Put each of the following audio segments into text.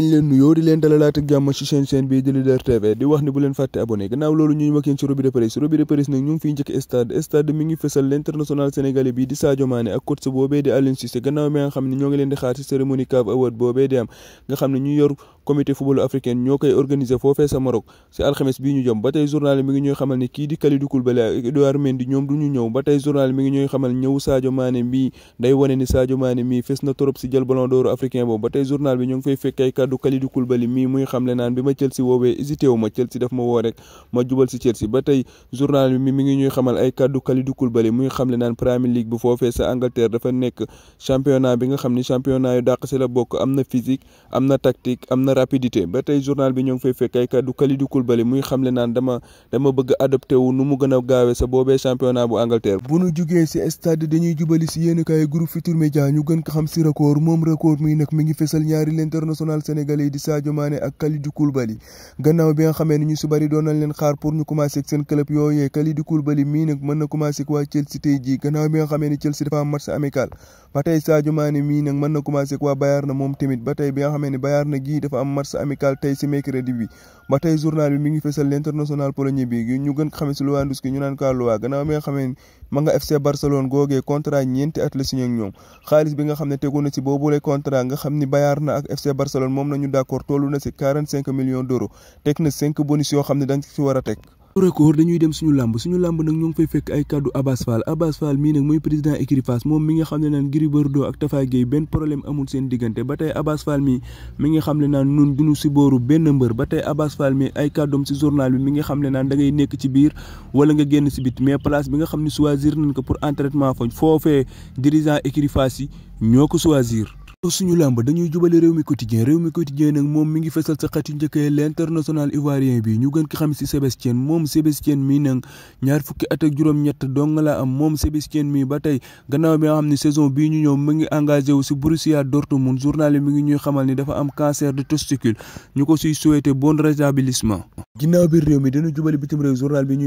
bi ñu leen nuyoo di leen dalalaat ak jàmm ci di Leader TV di wax ne bu leen fàtte abonné gannaaw loolu ñu mag yéen ci revue de presse revue de presse nag ñu ngi fiy njëkk stade stade mi ngi fësal l'international bi di Sadio Mané ak coach boobee di Aliou Cissé gannaaw mi nga xam ne ñoo ngi leen di xaar ci cérémonie Award boobee di am nga xam ne ñu yor comité football africain ñoo koy organiser foofee sa Maroc si alxames bii ñu jëm ba tey journal mi ngi ñuy xamal ne kii di Kalidou Koulibaly ak Edouard Mendy ñoom du ñu ñëw ba tey na torop si jël ballon d'or africain boobu ba tey journal bi ñoo ngi fay fekk ay kàddu Kalidou Koulibaly mii muy xamle naan bi ma Chelsea woowee hésité wu ma Chelsea daf ma woo rek ma jubal si Chelsea ba tey journal bi mi ngi ñuy xamal ay kàddu Kalidou Koulibaly muy xamle naan Premier League bu foofee sa Angleterre dafa nekk championnat bi nga xam ne championnat yu dàq si la bokk am na physique am na tactique am na na rapidité ba tey bi ñoo ngi fay fekk ay kàddu Kalidou muy xamle naan dama bëgg adopté nu mu gën a gaawee sa boobee championnat bu bu nu jugee si stade dañuy jubali si yéen kaay groupe Futurs Médias ñu gën ko xam si record moom record mi nag mi ngi fesal waa Chelsea tey gannaaw bi xamee ni Chelsea dafa am match amical ba tey Sadio Mané mii nag mën waa Bayern na moom tamit ba tey xamee ni Bayern na gii dafa dafa am match amical tey si mercredi bi ba tey journal bi mi ngi fësal l'international polonais bi ñu gën xamee si Lewandowski ñu naan ko Lewa gannaaw mi nga xamee FC Barcelone googee contrat ñeenti at la signé xaalis bi nga xam ne tegu na si boobule contrat nga xam ni Bayern na ak FC Barcelone moom nañu d'accord tollu na si 45 millions d'euros teg na 5 bonus yoo xam ne dañ si war a teg record dañuy dem suñu làmb suñu làmb nag ñoo ngi fay fekk ay kàddu Abass Fall Abass Fall mii nag mooy président écurie moom mi nga xam ne naan Gris Bordeaux ak Tapha Gueye benn problème amul seen diggante ba tey Abass Fall mi mi nga xam ne naan nun duñu si booru benn mbër ba tey Abass Fall ay kàddoom si journal bi mi nga xam ne naan da ngay nekk ci biir wala nga génn si bit mais place bi nga xam ne choisir nañ ko pour entraînement fa foofee dirigeant écurie Fass yi ñoo ko choisir suñu làmb dañuy jubale réew mi quotidien réew mi quotidien nag moom mi ngi fesal sa xat yu njëkkee l'international ivoirien bi ñu gën ko xam si Sébastien moom Sébastien mi nag ñaar fukki at ak juróom-ñett dong la am moom Sébastien mi ba tey gannaaw bi nga xam ne saison bii ñu ñëw mi ngi engagé wu si Borussia Dortmund journal mi ngi ñuy xamal ni dafa am cancer de testicule ñu ko siy souhaité bon rétablissement bi ñuy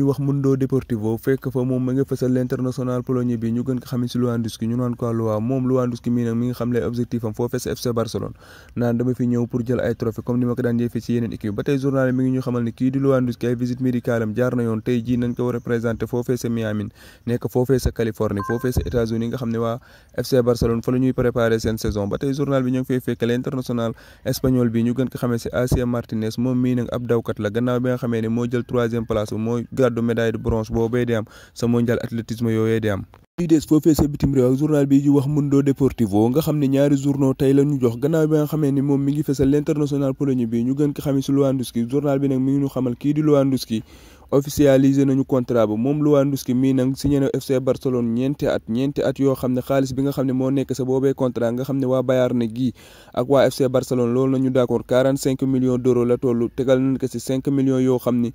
wax Mundo Deportivo fekk fa am mi ngi fesal l'international ñu gën ko xam si moom Lewandowski mi nag mi am foo fees FC Barcelone naan dama fi ñëw pour jël ay trophée comme ni ma ko daan jëfee ci yeneen équipe ba tey journal mi ngi ñu xamal ni kii di Lewandowski ay visite médicale am jaar na yoon tey jii nañ ko war a présenté foo fees sa Miami nekk foo fees sa Californie foo fees sa États-Unis nga xam ne waa FC Barcelone fa la ñuy préparé seen saison ba tey bi ñoo ngi fay fekk espagnol bi ñu gën ko xamee ci Asier Martinez moom mii nag la gannaaw ne moo jël troisième place moo gàddu médaille de bronze boobee di am sa mondial di am li des foofee sa bitim réew ak journal bi di wax Mundo Deportivo nga xam ne ñaari journaux tey la jox gannaaw bi nga xamee ni moom mi ngi fesal l'international polonais bi ñu gën ko xamee si Lewandowski journal bi nag mi ngi ñu xamal kii di Lewandowski officialisé nañu contrat ba moom Lewandowski mii nag signé na FC Barcelone ñeenti at ñeenti at yoo xam ne xaalis bi nga xam ne moo nekk sa boobee contrat nga xam ne waa Bayern na gii ak waa FC Barcelone loolu nañu d'accord 45 millions d'euros la toll tegal nañ ko si yoo xam ni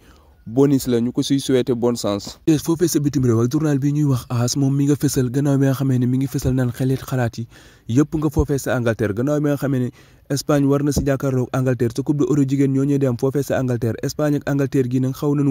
bonus la ñu ko suy souhaité bonne chance. foo sa bitim réew ak journal bi ñuy wax aas moom mi nga fësal gannaaw bi nga xamee ne mi ngi fësal naan xelit xalaat yëpp nga foofee sa Angleterre gannaaw bi nga xamee ne Espagne war na si jàkkaarloog Angleterre sa coupe d'Europe jigéen ñoo ñee di am foofee sa Angleterre Espagne ak Angleterre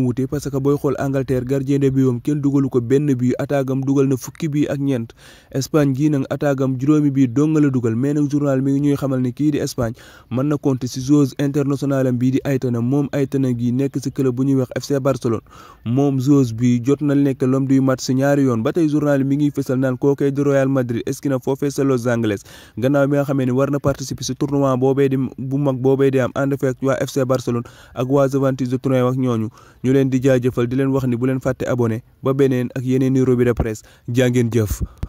wute parce que booy xool Angleterre gardien de but am dugalu ko benn but attaquam dugal na fukki bi ak ñeent Espagne gii nag attaquam juróomi bii dong la dugal mais nag journal mi ngi ñuy xamal ne kii di Espagne na compter si joueuse internationale am bii di Aitana moom Aitana gi nekk si club bu ñuy wax FC Barcelone moom joueuse bi jot na nekk l'homme du match yoon ba tey journal ngi fësal naan kookoy anglaise gannaaw bi nga xamee ni war na participer si tournoi boobee bu mag boobee di am ànd fekk waa FC Barcelone ak waa Juventus de Turin ak ñooñu ñu leen di jaajëfal di leen wax ni bu leen fàtte abonné ba beneen ak yeneen i revue de presse jaa ngeen jëf